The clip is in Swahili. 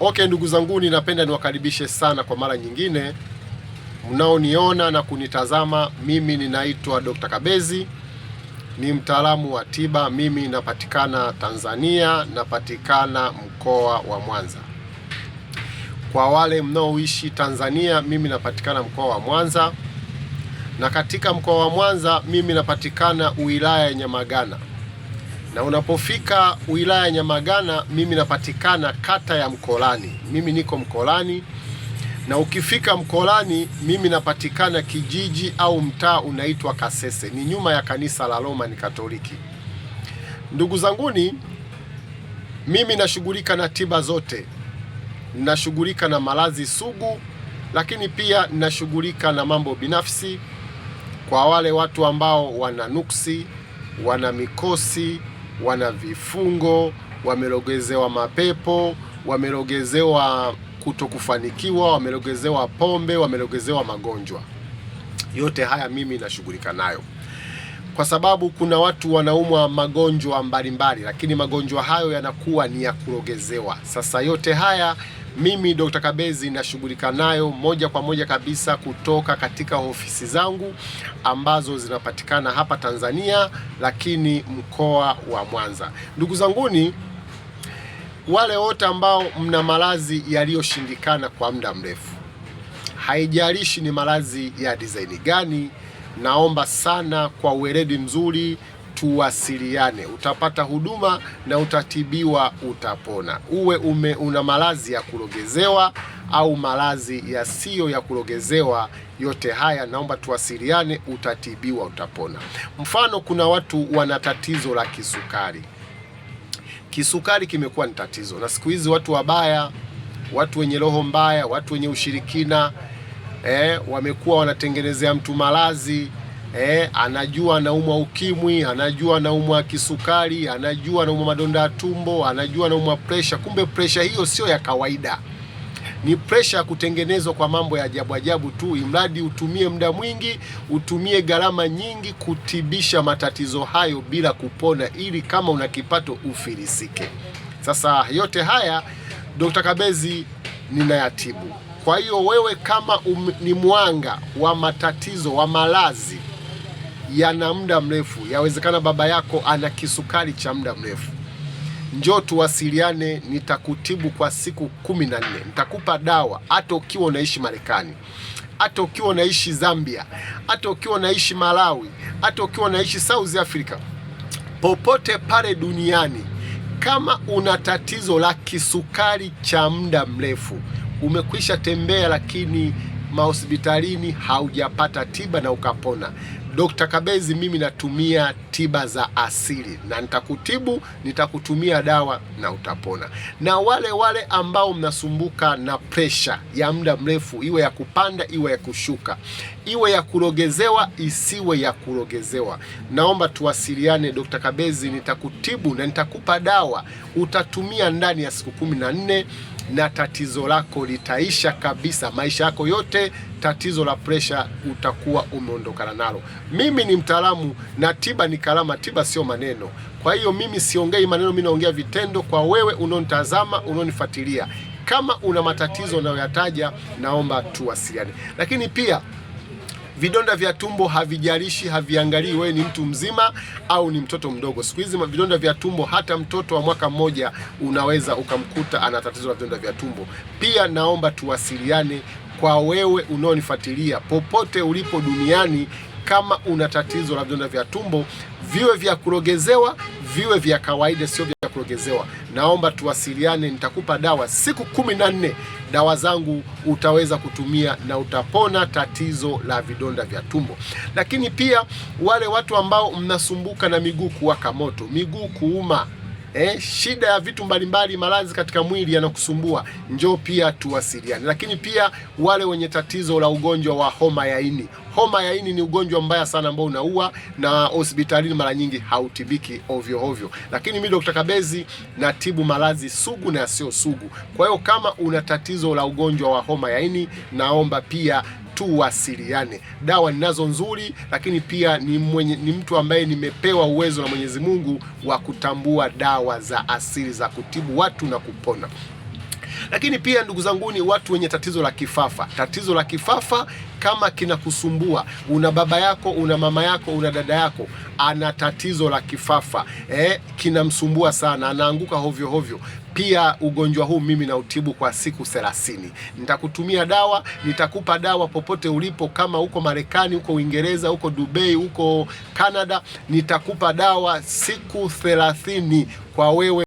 Okay, ndugu zangu ninapenda niwakaribishe sana kwa mara nyingine mnaoniona na kunitazama. Mimi ninaitwa Dr. Kabezi, ni mtaalamu wa tiba. Mimi napatikana Tanzania, napatikana mkoa wa Mwanza. Kwa wale mnaoishi Tanzania, mimi napatikana mkoa wa Mwanza, na katika mkoa wa Mwanza mimi napatikana wilaya ya Nyamagana na unapofika wilaya Nyamagana, mimi napatikana kata ya Mkolani, mimi niko Mkolani, na ukifika Mkolani, mimi napatikana kijiji au mtaa unaitwa Kasese, ni nyuma ya kanisa la Roman Katoliki. Ndugu zanguni, mimi nashughulika na tiba zote, nashughulika na malazi sugu, lakini pia nashughulika na mambo binafsi, kwa wale watu ambao wana nuksi, wana mikosi wana vifungo, wamerogezewa mapepo, wamerogezewa kutokufanikiwa, wamerogezewa pombe, wamerogezewa magonjwa. Yote haya mimi nashughulika nayo kwa sababu kuna watu wanaumwa magonjwa mbalimbali, lakini magonjwa hayo yanakuwa ni ya kurogezewa. Sasa yote haya mimi Dr. Kabezi nashughulika nayo moja kwa moja kabisa kutoka katika ofisi zangu ambazo zinapatikana hapa Tanzania, lakini mkoa wa Mwanza. Ndugu zanguni, wale wote ambao mna malazi yaliyoshindikana kwa muda mrefu, haijalishi ni malazi ya design gani, naomba sana kwa uweledi mzuri tuwasiliane, utapata huduma na utatibiwa, utapona. Uwe ume una maradhi ya kurogezewa au maradhi yasiyo ya kurogezewa, yote haya naomba tuwasiliane, utatibiwa, utapona. Mfano, kuna watu wana tatizo la kisukari. Kisukari kimekuwa ni tatizo, na siku hizi watu wabaya, watu wenye roho mbaya, watu wenye ushirikina eh, wamekuwa wanatengenezea mtu maradhi eh, anajua anaumwa ukimwi, anajua anaumwa kisukari, anajua anaumwa madonda ya tumbo, anajua anaumwa presha. Kumbe presha hiyo sio ya kawaida, ni presha ya kutengenezwa kwa mambo ya ajabu ajabu tu, imradi utumie muda mwingi, utumie gharama nyingi kutibisha matatizo hayo bila kupona, ili kama una kipato ufilisike. Sasa yote haya Dr. Kabezi ninayatibu. Kwa hiyo wewe kama um, ni mwanga wa matatizo wa malazi yana muda mrefu, yawezekana baba yako ana kisukari cha muda mrefu. Njoo tuwasiliane, nitakutibu kwa siku kumi na nne. Nitakupa dawa hata ukiwa unaishi Marekani, hata ukiwa unaishi Zambia, hata ukiwa unaishi Malawi, hata ukiwa unaishi South Africa, popote pale duniani. Kama una tatizo la kisukari cha muda mrefu, umekwisha tembea lakini mahospitalini haujapata tiba na ukapona Dr. Kabezi mimi natumia tiba za asili, na nitakutibu, nitakutumia dawa na utapona. Na wale wale ambao mnasumbuka na presha ya muda mrefu, iwe ya kupanda, iwe ya kushuka, iwe ya kurogezewa, isiwe ya kurogezewa, naomba tuwasiliane. Dr. Kabezi nitakutibu na nitakupa dawa utatumia ndani ya siku kumi na nne na tatizo lako litaisha kabisa. Maisha yako yote, tatizo la presha utakuwa umeondokana nalo. Mimi ni mtaalamu na tiba ni Karama Tiba sio maneno. Kwa hiyo mimi siongei maneno, mimi naongea vitendo kwa wewe unaonitazama, unaonifuatilia. Kama una matatizo unayoyataja, naomba tuwasiliane. Lakini pia vidonda vya tumbo havijalishi, haviangalii wewe ni mtu mzima au ni mtoto mdogo. Siku hizi vidonda vya tumbo, hata mtoto wa mwaka mmoja unaweza ukamkuta ana tatizo la vidonda vya tumbo. Pia naomba tuwasiliane kwa wewe unaonifuatilia popote ulipo duniani, kama una tatizo la vidonda vya tumbo, viwe vya kurogezewa, viwe vya kawaida, sio vya kurogezewa, naomba tuwasiliane. Nitakupa dawa siku kumi na nne. Dawa zangu utaweza kutumia na utapona tatizo la vidonda vya tumbo. Lakini pia wale watu ambao mnasumbuka na miguu kuwaka moto, miguu kuuma eh, shida ya vitu mbalimbali, maradhi katika mwili yanakusumbua, njoo pia tuwasiliane. Lakini pia wale wenye tatizo la ugonjwa wa homa ya ini homa ya ini ni ugonjwa mbaya sana ambao unaua, na hospitalini mara nyingi hautibiki ovyo ovyo, lakini mimi Dr. Kabezi natibu maradhi sugu na yasiyo sugu. Kwa hiyo kama una tatizo la ugonjwa wa homa ya ini, naomba pia tuwasiliane. Dawa ninazo nzuri, lakini pia ni, mwenye, ni mtu ambaye nimepewa uwezo na Mwenyezi Mungu wa kutambua dawa za asili za kutibu watu na kupona. Lakini pia ndugu zangu, ni watu wenye tatizo la kifafa. Tatizo la kifafa kama kinakusumbua, una baba yako, una mama yako, una dada yako ana tatizo la kifafa eh, kinamsumbua sana, anaanguka hovyo hovyo pia ugonjwa huu mimi nautibu kwa siku 30. Nitakutumia dawa, nitakupa dawa popote ulipo, kama uko Marekani, uko Uingereza, uko Dubai, uko Canada, nitakupa dawa siku thelathini kwa wewe.